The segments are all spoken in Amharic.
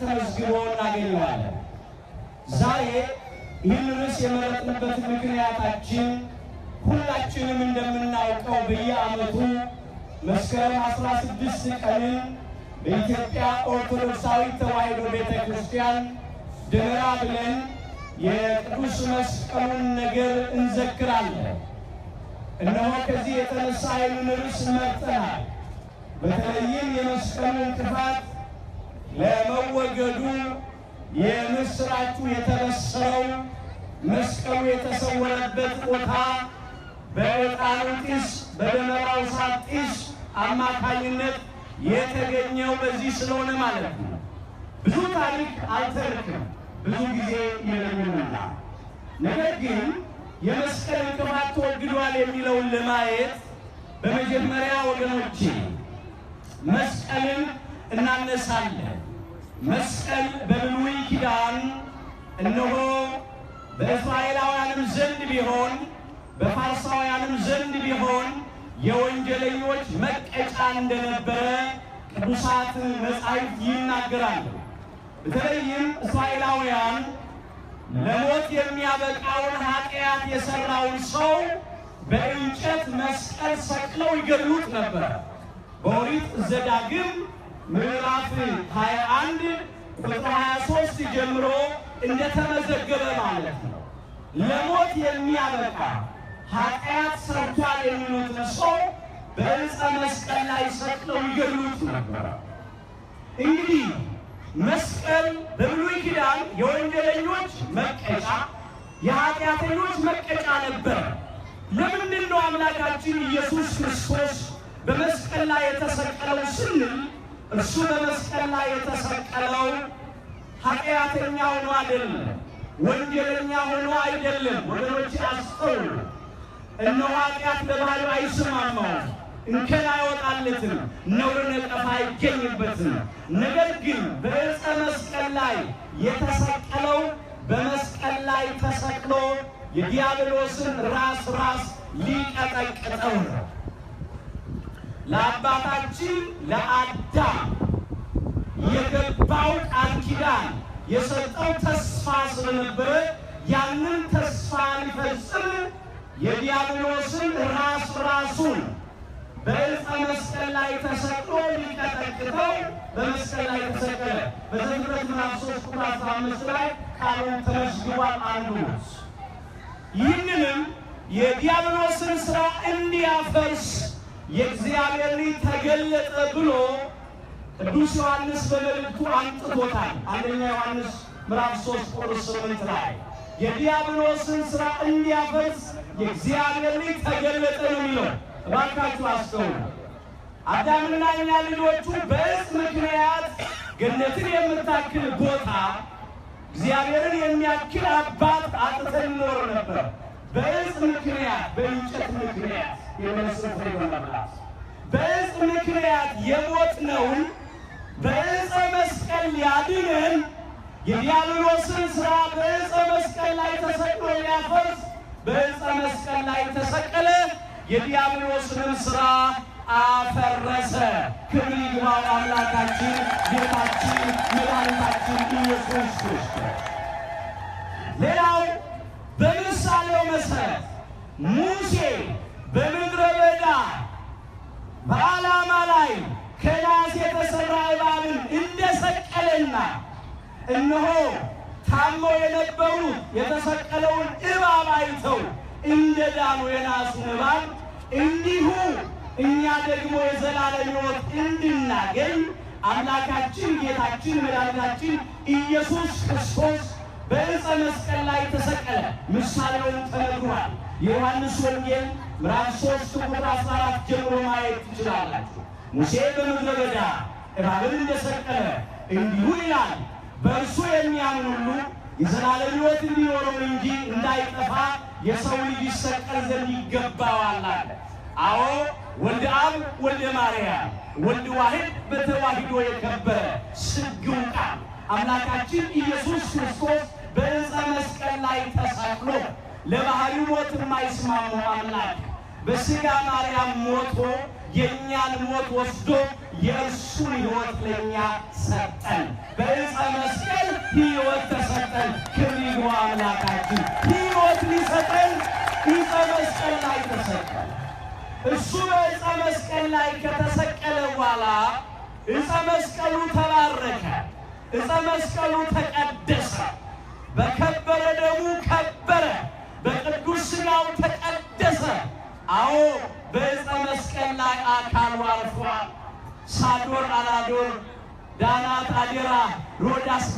ተመዝግቦ እናገኘዋለን። ዛሬ ይህን ርዕስ የመረጥንበት ምክንያታችን ሁላችንም እንደምናውቀው በየዓመቱ መስከረም 16 ቀንን በኢትዮጵያ ኦርቶዶክሳዊ ተዋሕዶ ቤተ ክርስቲያን ደመራ ብለን የቅዱስ መስቀሉን ነገር እንዘክራለን። እነሆ ከዚህ የተነሳ ይህን ርዕስ መርጠናል። በተለይም የመስቀሉ እንቅፋት ለመወገዱ የምስራቹ የተበሰረው መስቀሉ የተሰወረበት ቦታ በዕጣኑ ጢስ በደመራው ሳት ጢስ አማካኝነት የተገኘው በዚህ ስለሆነ ማለት ነው። ብዙ ታሪክ አልተርክም፣ ብዙ ጊዜ የለኝምና፣ ነገር ግን የመስቀል እንቅፋት ተወግዷል የሚለውን ለማየት በመጀመሪያ ወገኖቼ መስቀልን እናነሳለን። መስቀል በብሉይ ኪዳን እነሆ በእስራኤላውያንም ዘንድ ቢሆን በፋርሳውያንም ዘንድ ቢሆን የወንጀለኞች መቀጫ እንደነበረ ቅዱሳት መጻሕፍት ይናገራሉ። በተለይም እስራኤላውያን ለሞት የሚያበቃውን ኃጢአት የሠራውን ሰው በእንጨት መስቀል ሰቅለው ይገሉት ነበር። በኦሪት ዘዳግም ምዕራፍ 21 ቁጥር 23 ጀምሮ እንደተመዘገበ ማለት ነው። ለሞት የሚያበቃ ኃጢአት ሰርቷል የሚሉትን ሰው በዕፀ መስቀል ላይ ሰቅለው ይገሉት ነበረ። እንግዲህ መስቀል በብሉይ ኪዳን የወንጀለኞች መቀጫ፣ የኃጢአተኞች መቀጫ ነበር። ለምንድን ነው አምላካችን ኢየሱስ ክርስቶስ በመስቀል ላይ የተሰቀለው ስንል እርሱ በመስቀል ላይ የተሰቀለው ኃጢአተኛ ሆኖ አይደለም፣ ወንጀለኛ ሆኖ አይደለም። ወገኖች አስተውሉ። እነሆ ኃጢአት በባህሉ አይስማማውም፣ እንከን አይወጣለትም፣ ነውር ነቀፋ አይገኝበትም። ነገር ግን በዕፀ መስቀል ላይ የተሰቀለው በመስቀል ላይ ተሰቅሎ የዲያብሎስን ራስ ራስ ሊቀጠቅጠው ነው። ለአባታችን ለአዳም የገባው ቃል ኪዳን የሰጠው ተስፋ ስለነበረ ያንን ተስፋ ሊፈጽም የዲያብሎስን ራስ ራሱን በእልፈ መስቀል ላይ ተሰቅሎ ሊቀጠቅጠው በመስቀል ላይ ተሰቀለ። በዘፍጥረት ምዕራፍ ሶስት ቁጥር አስራ አምስት ላይ ቃሉ ተመዝግቧል። አንዱ ይህንንም የዲያብሎስን ስራ እንዲያፈርስ የእግዚአብሔር ልጅ ተገለጠ ብሎ ቅዱስ ዮሐንስ በመልእክቱ አንጥቶታል። አንደኛ ዮሐንስ ምዕራፍ 3 ቁጥር 8 ላይ የዲያብሎስን ሥራ እንዲያፈርስ የእግዚአብሔር ልጅ ተገለጠ ነው የሚለው። እባካችሁ አስተውሉ። አዳምና እኛ ልጆቹ በእጽ ምክንያት ገነትን የምታክል ቦታ እግዚአብሔርን የሚያክል አባት አጥተን ኖር ነበር። በእጽ ምክንያት፣ በእንጨት ምክንያት የነፍስ ፍሬ በመብላት በዕፅ ምክንያት የሞትነውን በዕፀ መስቀል ሊያድነን የዲያብሎስን ሥራ በዕፀ መስቀል ላይ ተሰቅሎ ሊያፈርስ በዕፀ መስቀል ላይ ተሰቀለ። የዲያብሎስንም ሥራ አፈረሰ። ክብር ይግባው አምላካችን ጌታችን መድኃኒታችን ኢየሱስ ክርስቶስ። ሌላው በምሳሌው መሠረት ሙሴ በምን በዓላማ ላይ ከናስ የተሰራ እባብን እንደሰቀለና እነሆ ታሞ የነበሩ የተሰቀለውን እባብ አይተው እንደ ዳኑ የናሱን እባብ እንዲሁ እኛ ደግሞ የዘላለም ሕይወት እንድናገኝ አምላካችን ጌታችን መድኃኒታችን ኢየሱስ ክርስቶስ በዕፀ መስቀል ላይ ተሰቀለ። ምሳሌውን ተነግሯል። የዮሐንስ ወንጌል ምዕራፍ ሶስት ቁጥር አስራ አራት ጀምሮ ማየት ትችላላችሁ። ሙሴ በምድረ በዳ እባብን እንደሰቀለ እንዲሁ ይላል በእርሱ የሚያምን ሁሉ የዘላለም ሕይወት እንዲኖረው እንጂ እንዳይጠፋ የሰው ልጅ ይሰቀል ዘንድ ይገባዋል አለ። አዎ ወልደ አብ ወልደ ማርያም ወልድ ዋሕድ በተዋሂዶ የከበረ ስግው ቃል አምላካችን ኢየሱስ ክርስቶስ በዕፀ መስቀል ላይ ተሰቅሎ ለባህሪ ሞት የማይስማሙ አምላክ በሥጋ ማርያም ሞቶ የእኛን ሞት ወስዶ የእርሱን ሕይወት ለእኛ ሰጠን። በዕፀ መስቀል ሕይወት ተሰጠን። ክብር አምላካችን። ሕይወት ሊሰጠን ዕፀ መስቀል ላይ ተሰቀለ። እሱ በዕፀ መስቀል ላይ ከተሰቀለ በኋላ ዕፀ መስቀሉ ተባረከ። ዕፀ መስቀሉ ተቀደሰ።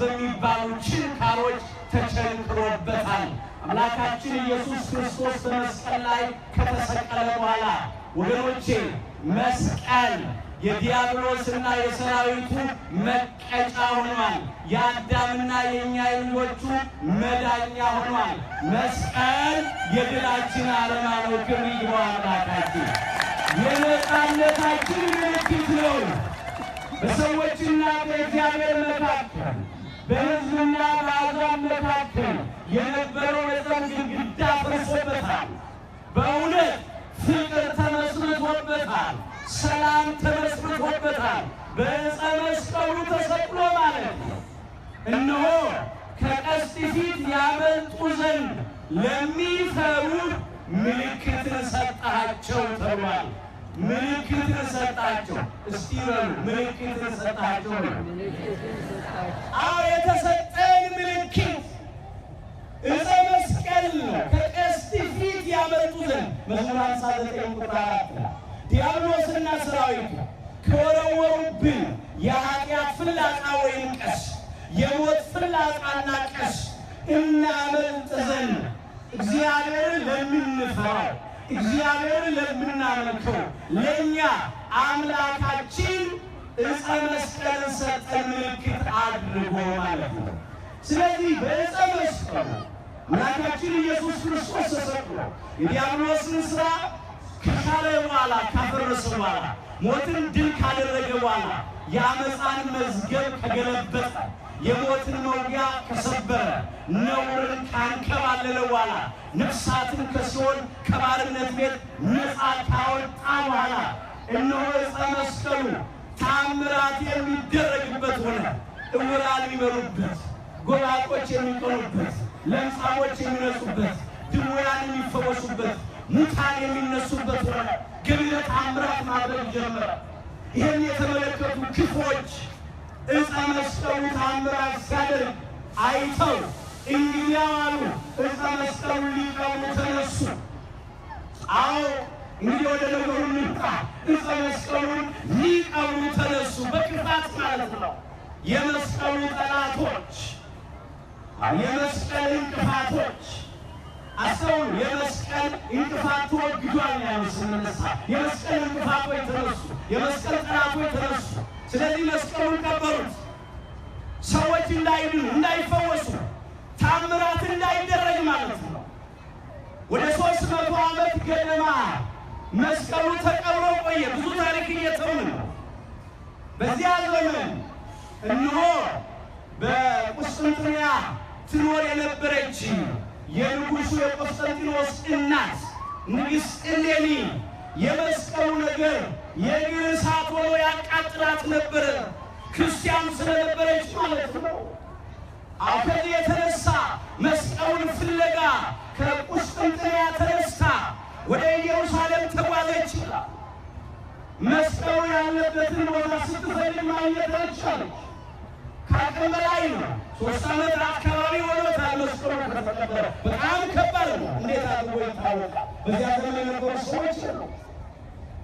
በሚባሉ ችንካሮች ተቸንክሮበታል። አምላካችን ኢየሱስ ክርስቶስ በመስቀል ላይ ከተሰቀለ በኋላ ወገኖቼ መስቀል የዲያብሎስና የሰራዊቱ መቀጫ ሆኗል። የአዳምና የእኛ የልጆቹ መዳኛ ሆኗል። መስቀል የድላችን አለማ ነው። ክብር ይግባው አምላካችን። የነፃነታችን ምልክት ነው። በሰዎችና በእግዚአብሔር መካከል በህዝብና በአሕዛብ መካከል የነበረው የጥል ግድግዳ ፈርሶበታል። በእውነት ፍቅር ተመስርቶበታል። ሰላም ተመስርቶበታል። በዕፀ መስቀሉ ተሰቅሎ ማለት ነው። እነሆ ከቀስት ፊት ያመልጡ ዘንድ ለሚፈሩህ ምልክትን ሰጠሃቸው ተብሏል። ምልክት ሰጣቸው። እስቲ በሉ ምልክትን ሰጣቸው ነው። አዎ የተሰጠን ምልክት እፀ መስቀል ነው። ከቀስት ፊት ያመጡትን መዝሙር ሃምሳ ዘጠኝ ቁጥር አራት ዲያብሎስና ሰራዊቱ ከወረወሩብን የኃጢአት ፍላጻ ወይም ቀስ የሞት ፍላጻና ቀስ እናመልጥ ዘንድ እግዚአብሔርን ለምንፈራው እግዚአብሔርን ለምናመልከው ለእኛ አምላካችን ዕፀ መስቀልን ሰጠ ምልክት አድርጎ ማለት ነው። ስለዚህ በዕፀ መስቀሉ አምላካችን ኢየሱስ ክርስቶስ ተሰቅሎ የዲያብሎስን ስራ ከሻለ በኋላ ካፈረሰ በኋላ ሞትን ድል ካደረገ በኋላ የአመፃን መዝገብ ከገለበጠ የሞትን መውጊያ ከሰበረ ነውርን ካንከባለለ በኋላ ነፍሳትን ከሲኦል ከባርነት ቤት ነፃ ካወጣ በኋላ እነሆ ዕፀ መስቀሉ ታምራት የሚደረግበት ሆነ። እውራን የሚበሩበት፣ ጎባጦች የሚቀኑበት፣ ለምጻሞች የሚነጹበት፣ ድውያን የሚፈወሱበት፣ ሙታን የሚነሱበት ሆነ። ገቢረ አምራት ማድረግ ጀመረ። ይህን የተመለከቱ ክፎች ዕፀ መስቀሉ ታምራት ሲያደርግ አይተው እንግዲያ አሉ ዕፀ መስቀሉ ሊቀሙ ተነሱ። አዎ እንግዲህ ወደ ነገሩ እንምጣ። ዕፀ መስቀሉን ሊቀሙ ተነሱ፣ በቅፋት ማለት ነው። የመስቀሉ ጠላቶች፣ የመስቀል እንቅፋቶች አስተውሉ። የመስቀል እንቅፋት ተወግዷል። ያሉ ስንነሳ የመስቀል እንቅፋቶች ተነሱ፣ የመስቀል ጠላቶች ተነሱ። ስለዚህ መስቀሉን ቀበሩት። ሰዎች እንዳይድኑ እንዳይፈወሱ፣ ታምራት እንዳይደረግ ማለት ነው። ወደ ሶስት መቶ ዓመት ገደማ መስቀሉ ተቀብሮ ቆየ። ብዙ ታሪክ እየተው ነው። በዚያ ዘመን እነሆ በቁስጥንጥንያ ትኖር የነበረች የንጉሱ የቆስጠንጢኖስ እናት ንግሥት እሌኒ የመስቀሉ ነገር የእግር እሳት ሆኖ ያቃጥላት ነበረ። ክርስቲያን ስለነበረች ማለት ነው። ከዚህ የተነሳ መስቀሉን ፍለጋ ከቁስጥንጥንያ ተነስታ ወደ ኢየሩሳሌም ተጓዘች ይላል። መስቀሉ ያለበትን ቦታ ስትፈልግ ማግኘት አልቻለች። ከአቅም በላይ ነው። ሶስት ዓመት አካባቢ ሆኖታል መስቀሉ ከተቀበረ። በጣም ከባድ ነው። እንዴት አድርጎ ይታወቃል? በዚያ ዘመን የነበሩ ሰዎች ነው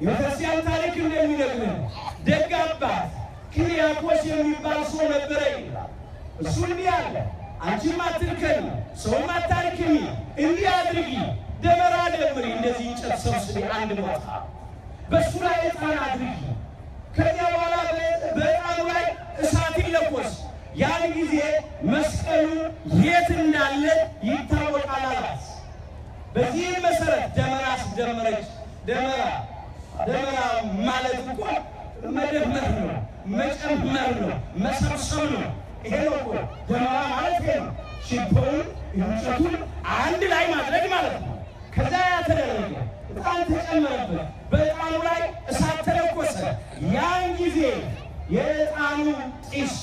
የቤተክርስቲያን ታሪክ እንደሚነግረን ደግ አባት ክሪያቆስ የሚባል ሰው ነበረ ይላል። እሱ እንዲህ አለ፣ አንቺም አትርከኝ፣ ሰውም አታርክሚ፣ እንዲህ አድርጊ፣ ደመራ ደምሪ፣ እንደዚህ እንጨት ሰብስቢ አንድ ቦታ፣ በእሱ ላይ ዕጣን አድርጊ፣ ከዚያ በኋላ በዕጣኑ ላይ እሳት ይለኮስ፣ ያን ጊዜ መስቀሉ የት እንዳለ ይታወቃል አላት። በዚህም መሰረት ደመራ ስደመረች ደመራ ደመራ ማለት እኮ መደመር ነው፣ መጨመር ነው፣ መሰብሰብ ነው። ይሄ ነው እኮ ደመራ ማለት ይሄ ነው። ሽቦውን እንጨቱን አንድ ላይ ማድረግ ማለት ነው። ከዛ ተደረገ በጣም ተጨመረበት፣ በእጣኑ ላይ እሳት ተለኮሰ። ያን ጊዜ የእጣኑ ጢስ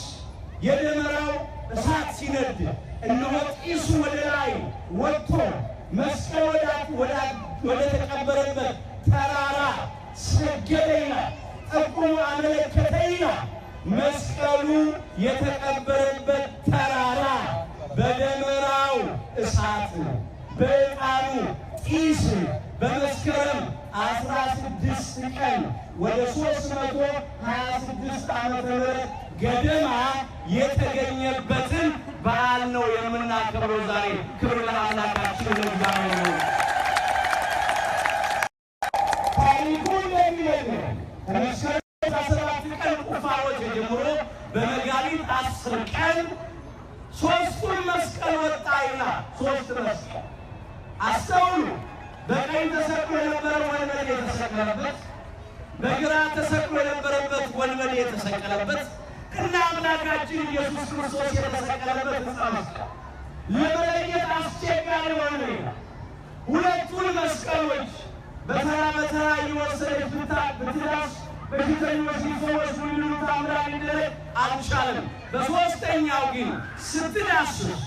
የተሰቀለበት በግራ ተሰቅሎ የነበረበት ወንበዴ የተሰቀለበት እና አምላካችን ኢየሱስ ክርስቶስ የተሰቀለበት ሕፃን ለመለየት አስቸጋሪ ሆነ። ሁለቱን መስቀሎች በተራ በተራ እየወሰደች ብትዳስ በሽተኞች ሰዎች ሁሉ ታምራን ይደረግ አልቻለም። በሦስተኛው ግን ስትዳስስ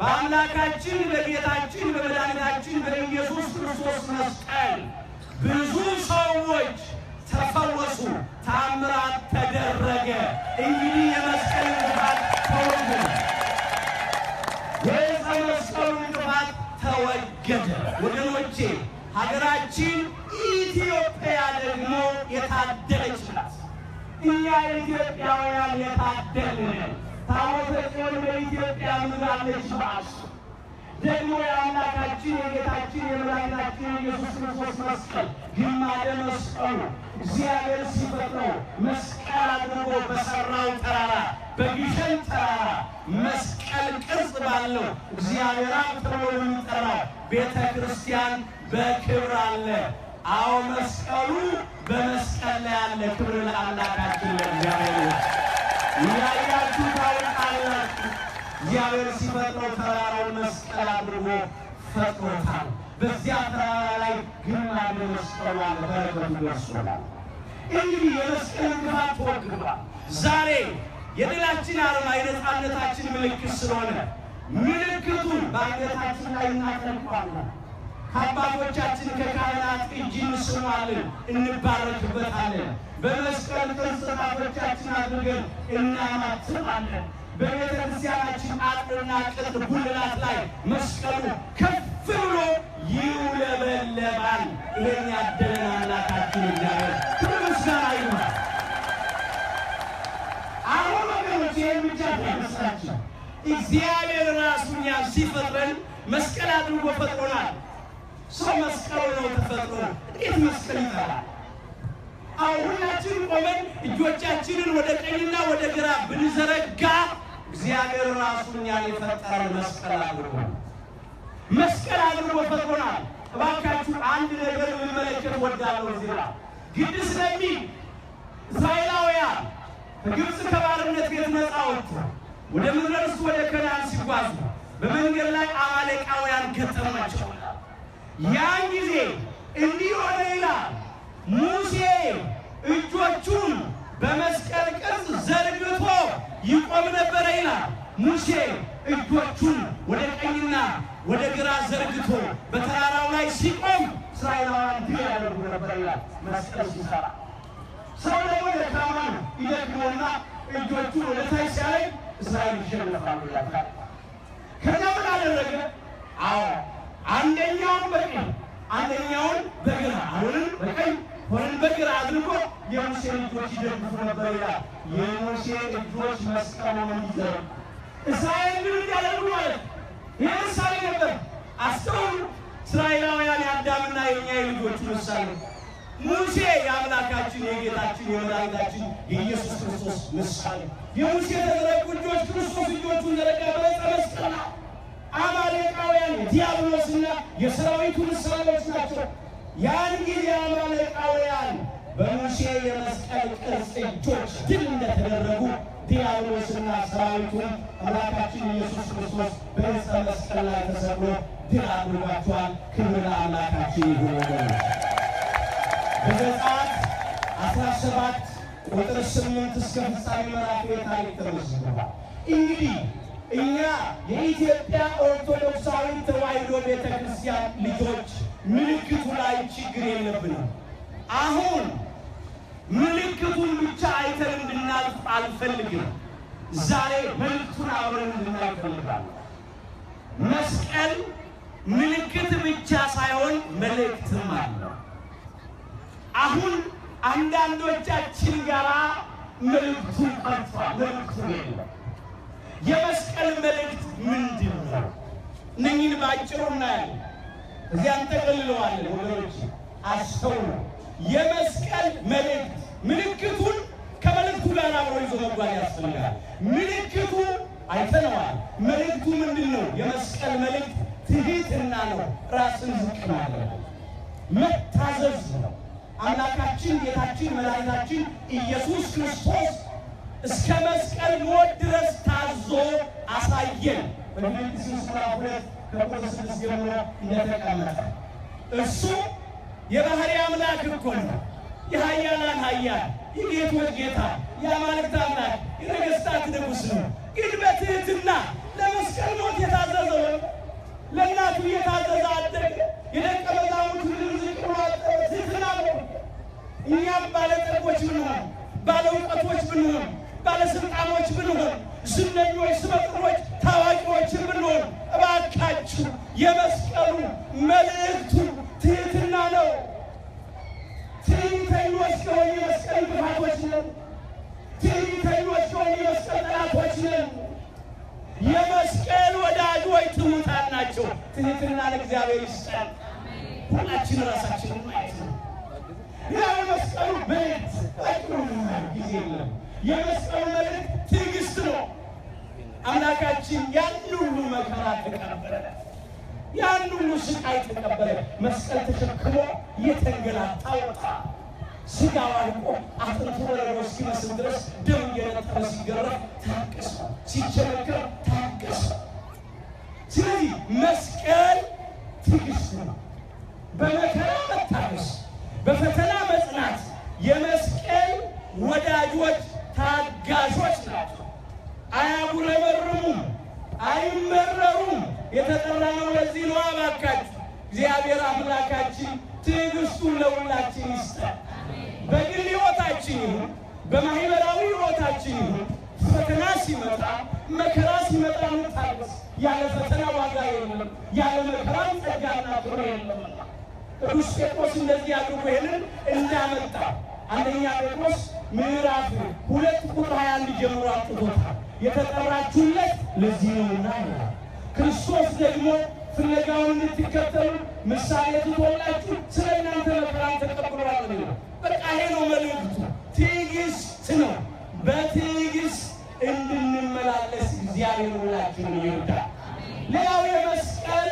በአምላካችን በጌታችን በመድኃኒታችን በኢየሱስ ክርስቶስ መስቀል ብዙ ሰዎች ተፈወሱ፣ ታምራት ተደረገ። እንግዲህ የመስቀል እንቅፋት ተወገደ፣ የዕፀ እንቅፋት ተወገደ። ወገኖቼ ሀገራችን ኢትዮጵያ ደግሞ የታደለች ናት። እኛ ኢትዮጵያውያን የታደልን ታቦተ ጽዮን በኢትዮጵያ ምናለች በአሱ ደግሞ የአምላካችን የጌታችን የመድኃኒታችን ኢየሱስ ክርስቶስ መስቀል ግማደ መስቀሉ እግዚአብሔር ሲፈጥረው መስቀል አድርጎ በሰራው ተራራ በግሸን ተራራ መስቀል ቅርጽ ባለው እግዚአብሔር አብ ተብሎ የሚጠራው ቤተ ክርስቲያን በክብር አለ። አዎ መስቀሉ በመስቀል ላይ አለ። ክብር ለአምላካችን ለእግዚአብሔር። እያያችሁ ታውቃላችሁ። እግዚአብሔር ሲፈጥረው ተራራውን መስቀል አድርጎ ፈጥሮታል። በዚያ ተራራ ላይ ግማደ መስቀሉ አለ፣ በረከቱ ደርሶናል። እንግዲህ የመስቀል ግባት ተወግዷል። ዛሬ የድላችን አርማ የነፃነታችን ምልክት ስለሆነ ምልክቱ በአንገታችን ላይ እናጠልቋለን። ከአባቶቻችን ከካህናት እጅ እንስማለን፣ እንባረክበታለን። በመስቀል ቅርጽ ጣቶቻችን አድርገን እናማትባለን። በቤተክርስቲያናችን አጥርና ቅጥር ጉልላት ላይ መስቀሉ ከፍ ብሎ ይውለበለባል። ይህን ያደለን አምላካችን እግዚአብሔር ክብር ምስጋና ይሁን። አሁን ወገኖች ይህን ብቻ አይመስላችሁ። እግዚአብሔር ራሱን ያ ሲፈጥረን መስቀል አድርጎ ፈጥሮናል። ሰው መስቀሉ ነው ተፈጥሮ። እንዴት መስቀል ይጠራል? አሁን ሁላችንም ቆመን እጆቻችንን ወደ ቀኝና ወደ ግራ ብንዘረጋ እግዚአብሔር ራሱ እኛን የፈጠረን መስቀል አድርጎ መስቀል አድርጎ ፈጥሮናል። እባካችሁ አንድ ነገር ልመለከት ወዳለው ዜና ግድ ስለሚል እስራኤላውያን ከግብፅ ከባርነት ቤት ነፃ ወጥቶ ወደ ምድረርስ ወደ ከናን ሲጓዙ በመንገድ ላይ አማሌቃውያን ገጠማቸው። ያን ጊዜ እንዲህ ሆነ ይላል ሙሴ እጆቹን በመስቀል ቅርጽ ዘርግቶ ይቆም ነበረ ይላል። ሙሴ እጆቹን ወደ ቀኝና ወደ ግራ ዘርግቶ በተራራው ላይ ሲቆም እስራኤላውያን ድል ያደርጉ ነበር ይላል። መስቀል ሲሰራ ሰው ደግሞ ደካማ ነው። ይደግሞና እጆቹን ወደ ታች ሲያይ እስራኤል ይሸነፋሉ ይላል። ከዛ ምን አደረገ? አዎ አንደኛውን በቀኝ አንደኛውን በግራ አሁንም በቀኝ ሆነን በግር አድርጎ የሙሴ ልጆች ይደግፉ ነበር ይላል። የሙሴ እጆች መስቀሉን ይዘው እስራኤል ምን እንዲያደርጉ ማለት ይህ ምሳሌ ነበር። አስተውሉ። እስራኤላውያን የአዳምና የእኛ የልጆቹ ምሳሌ ሙሴ የአምላካችን የጌታችን የመድኃኒታችን የኢየሱስ ክርስቶስ ምሳሌ የሙሴ የተዘረጉ እጆች ክርስቶስ እጆቹን ዘረጋ በዕፀ መስቀል አማሌቃውያን የዲያብሎስና የሰራዊቱ ምሳሌዎች ናቸው። ያን ጊዜ አማሌቃውያን በሙሴ የመስቀል ቅርጽ እጆች ድል እንደተደረጉ ዲያብሎስና ሰራዊቱን አምላካችን ኢየሱስ ክርስቶስ በዕፀ መስቀል ላይ ተሰቅሎ ድል አድርጓቸዋል። ክብር አምላካችን ይሁን። በዘጸአት አስራ ሰባት ቁጥር ስምንት እስከ ፍጻሜ ምዕራፍ የታሪክ ተመዝግቧል። እንግዲህ እኛ የኢትዮጵያ ኦርቶዶክሳዊ ተዋሕዶ ቤተ ክርስቲያን ልጆች ምልክቱ ላይ ችግር የለብንም። አሁን ምልክቱን ብቻ አይተን እንድናልፍ አልፈልግም። ዛሬ በልቱን አብረን እንድናይ ፈልጋለሁ። መስቀል ምልክት ብቻ ሳይሆን መልእክትም አለው። አሁን አንዳንዶቻችን ጋራ መልእክቱን ቀርቷል። መልእክቱ የለም። የመስቀል መልእክት ምንድን ነው? እነኝን ባጭሩ እናያለን። እዚያ እንጠቀልለዋለን። ወገኖች አስተውሉ። የመስቀል መልእክት ምልክቱን ከመልእክቱ ጋር አብሮ ይዞ መጓዝ ያስፈልጋል። ምልክቱ አይተነዋል። መልእክቱ ምንድን ነው? የመስቀል መልእክት ትህትና ነው። ራስን ዝቅ ማድረግ መታዘዝ ነው። አምላካችን ጌታችን መድኃኒታችን ኢየሱስ ክርስቶስ እስከ መስቀል ሞት ድረስ ታዞ አሳየን። በፊልጵስዩስ ምዕራፍ ሁለት በቁጥስል ሲሆነ እንደተቀመጠ እሱ የባህሪ አምላክ እኮ ነው። የሀያላን ሀያል የጌቶች ጌታ የአማልክት አምላክ የነገሥታት ንጉሥ ነው። ግን በትህትና ለመስቀል ሞት የታዘዘውን ለእናቱ የታዘዘ አደግ የደቀ መዛሙርት ትህትና ነው። እኛም ባለጠጎች ብንሆን፣ ባለእውቀቶች ብንሆን፣ ባለስልጣኖች ብንሆን ዝነኞች፣ ስመጥሮች፣ ታዋቂዎችን ብንሆን እባካችሁ የመስቀሉ መልእክቱ ትህትና ነው። ትዕቢተኞች ከሆን የመስቀል ግፋቶች ነን። ትዕቢተኞች ከሆን የመስቀል ጠላቶች ነን። የመስቀል ወዳጆች ትሑታን ናቸው። ትህትና ለእግዚአብሔር ይስጠን። ሁላችን ራሳችንን ማየት ነው። ያው የመስቀሉ ቤት ጊዜ የለም። የመስቀሉ መልእክት አምላካችን ያን ሁሉ መከራ ተቀበለ፣ ያን ሁሉ ስቃይ ተቀበለ። መስቀል ተሸክሞ እየተንገላታ ወጣ። ስጋው አልቆ አጥንቱ በረዶ እስኪመስል ድረስ ደም እየነጠረ ሲገረፍ ታገሰ፣ ሲቸነከር ታገሰ። ስለዚህ መስቀል ትዕግስት ነው። በመከራ መታገስ፣ በፈተና መጽናት የመስቀል ወዳጆች ታጋሾች ናቸው። አያጉረመርሙም፣ አይመረሩም። የተጠራነው ለዚህ ነው። እባካችሁ እግዚአብሔር አምላካችን ትዕግስቱን ለሁላችን ይስጠን። በግል ሕይወታችን ይሁን በማህበራዊ ሕይወታችን ይሁን ፈተና ሲመጣ መከራ ሲመጣ እንታገስ። ያለ ፈተና ዋጋ የለም፣ ያለ መከራ ጸጋና ክብር የለም። ቅዱስ ጴጥሮስ እንደዚህ አድርጎ ይህንን እንዳመጣ አንደኛ ጴጥሮስ ምዕራፍ ሁለት ቁጥር 21 ጀምሮ አጥቶታል። የተጠራችሁለት ለዚህ ነውና ይላል። ክርስቶስ ደግሞ ፍለጋውን እንድትከተሉ ምሳሌ ትቶላችሁ ስለ እናንተ መከራን ተቀብሏል በቃ ይሄ ነው መልእክቱ። ትዕግስት ነው። በትዕግስት እንድንመላለስ እግዚአብሔር ሁላችንን ይወዳል። ሌላው የመስቀል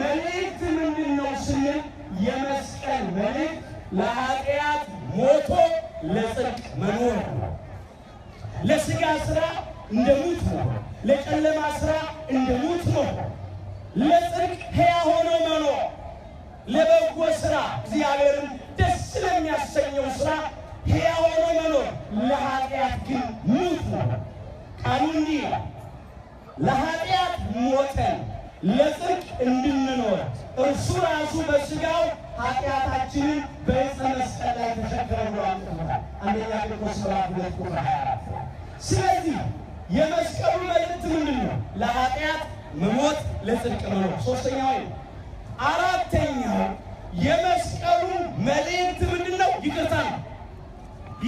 መልእክት ምንድን ነው ስንል የመስቀል መልእክት ለኃጢአት ሞቶ ለጽድቅ መኖር ነው። ለስጋ ስራ እንደ ሙት መሆን፣ ለጨለማ ስራ እንደ ሙት መሆን፣ ለጽድቅ ሕያ ሆኖ መኖር፣ ለበጎ ስራ እግዚአብሔርን ደስ ለሚያሰኘው ስራ ሕያ ሆኖ መኖር፣ ለኃጢአት ግን ሙት መሆን። ቃሉ እንዲህ ይላል፣ ለኃጢአት ሞተን ለጽድቅ እንድንኖር እርሱ ራሱ በሥጋው ኃጢአታችንን በዕፀ መስቀል ላይ ተሸክሟል። አንደኛ ቆሮንቶስ ምዕራፍ ሁለት ቁጥር 24 ስለዚህ የመስቀሉ መልእክት ምንድን ነው? ለኃጢአት መሞት ለጽድቅ መኖር። ሶስተኛው አራተኛው የመስቀሉ መልእክት ምንድን ነው? ይቅርታ ነው።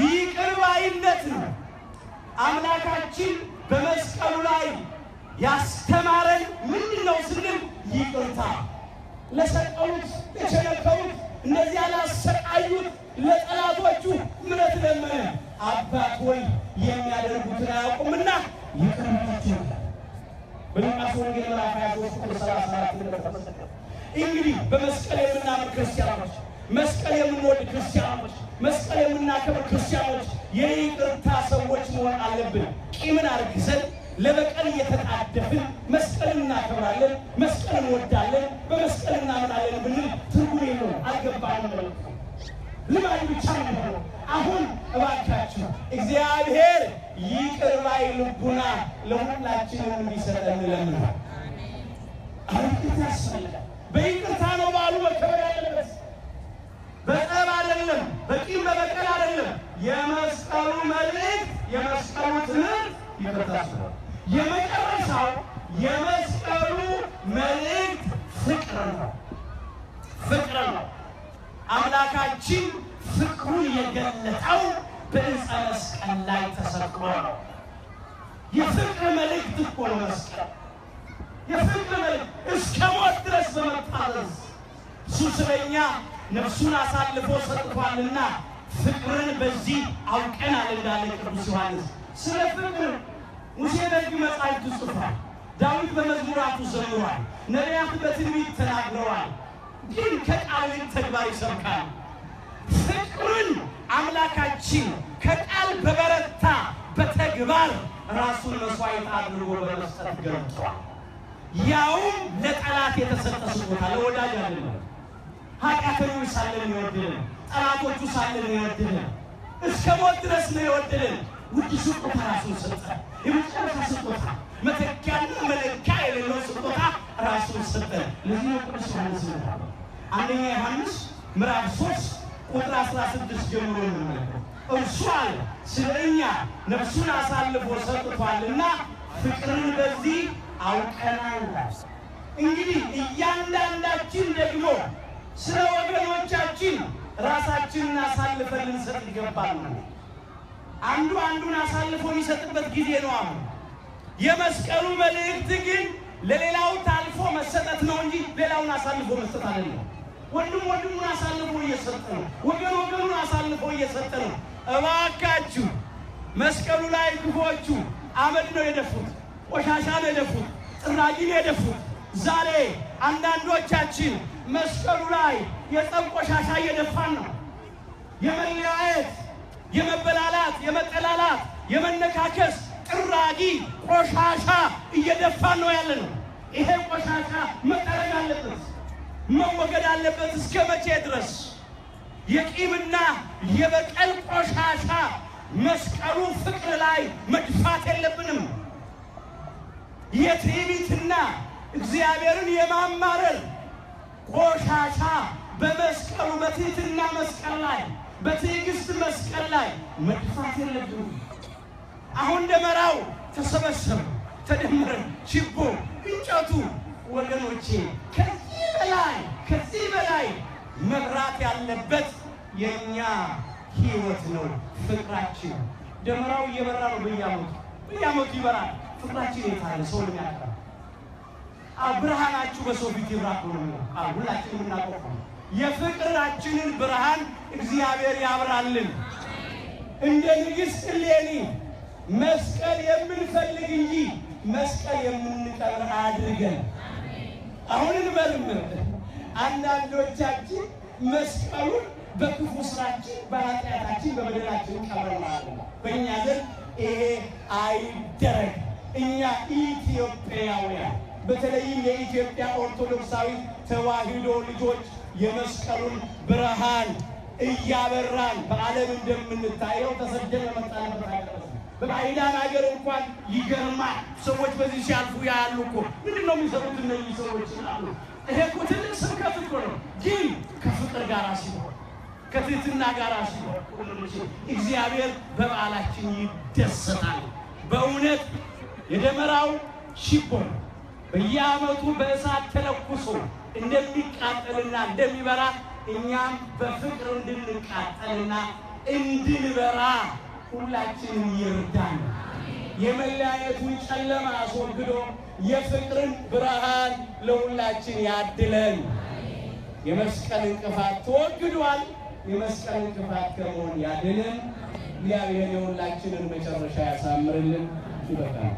ይቅር ባይነት ነው። አምላካችን በመስቀሉ ላይ ያስተማረን ምንድን ነው ስንል ይቅርታ ለሰቀሉት፣ ለቸነከሩት፣ እነዚያ ላሰቃዩት ለጠላቶቹ ምሕረት ለመነ። አባት ወይ የሚያደርጉትን አያውቁምና ይቅር በሉቃስ ወንጌል ምዕራፍ 23 ቁጥር 34 እንግዲህ በመስቀል የምናምን ክርስቲያኖች፣ መስቀል የምንወድ ክርስቲያኖች፣ መስቀል የምናከብር ክርስቲያኖች የይቅርታ ሰዎች መሆን አለብን። ቂምን አርግዘን ለበቀል እየተጣደፍን መስቀል እናከብራለን፣ መስቀል እንወዳለን፣ በመስቀል እናምናለን ብንል ትርጉም የለውም፣ አልገባንም። ልማድ ብቻ ነው። አሁን እባካችሁ እግዚአብሔር ይቅር ባይ ልቡና ለሁላችንም እንዲሰጠን ለምናል። አሁን ያስፈልጋል። በይቅርታ ነው በዓሉ መከበር ያለበት። በጠብ አይደለም፣ በቂም በበቀል አይደለም። የመስቀሉ መልእክት፣ የመስቀሉ ትምህርት ይቅርታ ስለሆነ የመጨረሻው የመስቀሉ መልእክት ፍቅር ነው። አምላካችን ፍቅሩን የገለጠው በእፀ መስቀል ላይ ተሰቅሎ ነው። የፍቅር መልእክት እኮ ነው መስቀል። የፍቅር መልእክት እስከ ሞት ድረስ በመታዘዝ እሱ ስለኛ ነፍሱን አሳልፎ ሰጥቷልና ፍቅርን በዚህ አውቀናል እንዳለ ቅዱስ ዮሐንስ። ስለ ፍቅር ሙሴ በሕግ መጻሕፍቱ ጽፏል። ዳዊት በመዝሙራቱ ዘምሯል። ነቢያት በትንቢት ተናግረዋል። ግን ከቃልን ተግባር ይሰብካል። ፍቅሩን አምላካችን ከቃል በበረታ በተግባር ራሱን መስዋዕት አድርጎ በመስጠት ገልጧል። ያውም ለጠላት የተሰጠ ስጦታ ለወዳጅ አይደለም። ኃጢአተኞች ሳለን ይወድልን፣ ጠላቶቹ ሳለን ይወድልን፣ እስከ ሞት ድረስ ነው የወደደን። ውድ ስጦታ ራሱን ሰጠ። የመጨረሻ ስጦታ መተኪያና መለኪያ የሌለው ስጦታ ራሱን ሰጠ። ለዚህ ቅዱስ ያለ ዮሐንስ ነው አንደኛ ዮሐንስ ምዕራፍ 3 ቁጥር 16 ጀምሮ እንመለከት። እርሱ ስለ እኛ ነፍሱን አሳልፎ ሰጥቷልና ፍቅርን በዚህ አውቀናል። እንግዲህ እያንዳንዳችን ደግሞ ስለ ወገኖቻችን ራሳችንን አሳልፈን ልንሰጥ ይገባል። አንዱ አንዱን አሳልፎ የሚሰጥበት ጊዜ ነው። አሁን የመስቀሉ መልእክት ግን ለሌላው ታልፎ መሰጠት ነው እንጂ ሌላውን አሳልፎ መስጠት አይደለም። ወንድም ወንድሙን አሳልፎ እየሰጠ ነው። ወገን ወገኑን አሳልፎ እየሰጠ ነው። እባካችሁ መስቀሉ ላይ ግፎቹ አመድ ነው የደፉት፣ ቆሻሻ ነው የደፉት፣ ጥራጊ ነው የደፉት። ዛሬ አንዳንዶቻችን መስቀሉ ላይ የጠብ ቆሻሻ እየደፋን ነው። የመለያየት፣ የመበላላት፣ የመጠላላት፣ የመነካከስ ጥራጊ ቆሻሻ እየደፋን ነው ያለ ነው። ይሄ ቆሻሻ መጠረግ አለበት። መወገድ አለበት። እስከ መቼ ድረስ የቂምና የበቀል ቆሻሻ መስቀሉ ፍቅር ላይ መድፋት የለብንም። የትዕቢትና እግዚአብሔርን የማማረር ቆሻሻ በመስቀሉ በትህትና መስቀል ላይ በትዕግስት መስቀል ላይ መድፋት የለብንም። አሁን ደመራው ተሰበሰበ፣ ተደምረን ችቦ እንጨቱ ወገኖቼ ከዚህ በላይ ከዚህ በላይ መብራት ያለበት የእኛ ህይወት ነው። ፍቅራችን ደመራው እየበራ ነው። በየዓመቱ በየዓመቱ ይበራል። ፍቅራችን የታለ ሰው ለሚያቀራ ብርሃናችሁ በሰው ፊት ይብራ ነው። ሁላችንም እናቆም። የፍቅራችንን ብርሃን እግዚአብሔር ያብራልን። እንደ ንግሥት እሌኒ መስቀል የምንፈልግ እንጂ መስቀል የምንቀብር አድርገን አሁን እንመርምር። አንዳንዶቻችን መስቀሉን በክፉ ስራችን፣ በኃጢአታችን፣ በበደላችን ቀበርናል። በእኛ ዘንድ ይሄ አይደረግ። እኛ ኢትዮጵያውያን በተለይም የኢትዮጵያ ኦርቶዶክሳዊ ተዋሕዶ ልጆች የመስቀሉን ብርሃን እያበራን በዓለም እንደምንታየው ተሰደን መጣንበት በባዕዳን ሀገር እንኳን ይገርማል። ሰዎች በዚህ ሲያልፉ ያሉ እኮ ምንድን ነው የሚሰሩት እነዚህ ሰዎች ይላሉ። ይሄ እኮ ትልቅ ስብከት እኮ ነው። ግን ከፍቅር ጋር ሲሆን፣ ከትህትና ጋር ሲሆን እግዚአብሔር በበዓላችን ይደሰታል። በእውነት የደመራው ችቦ በየዓመቱ በእሳት ተለኩሶ እንደሚቃጠልና እንደሚበራ እኛም በፍቅር እንድንቃጠልና እንድንበራ ሁላችንን ይርዳን። የመለያየቱን ጨለማ አስወግዶ የፍቅርን ብርሃን ለሁላችን ያድለን። የመስቀል እንቅፋት ተወግዷል። የመስቀል እንቅፋት ከመሆን ያድነን። እግዚአብሔር የሁላችንን መጨረሻ ያሳምርልን። ይበቃል።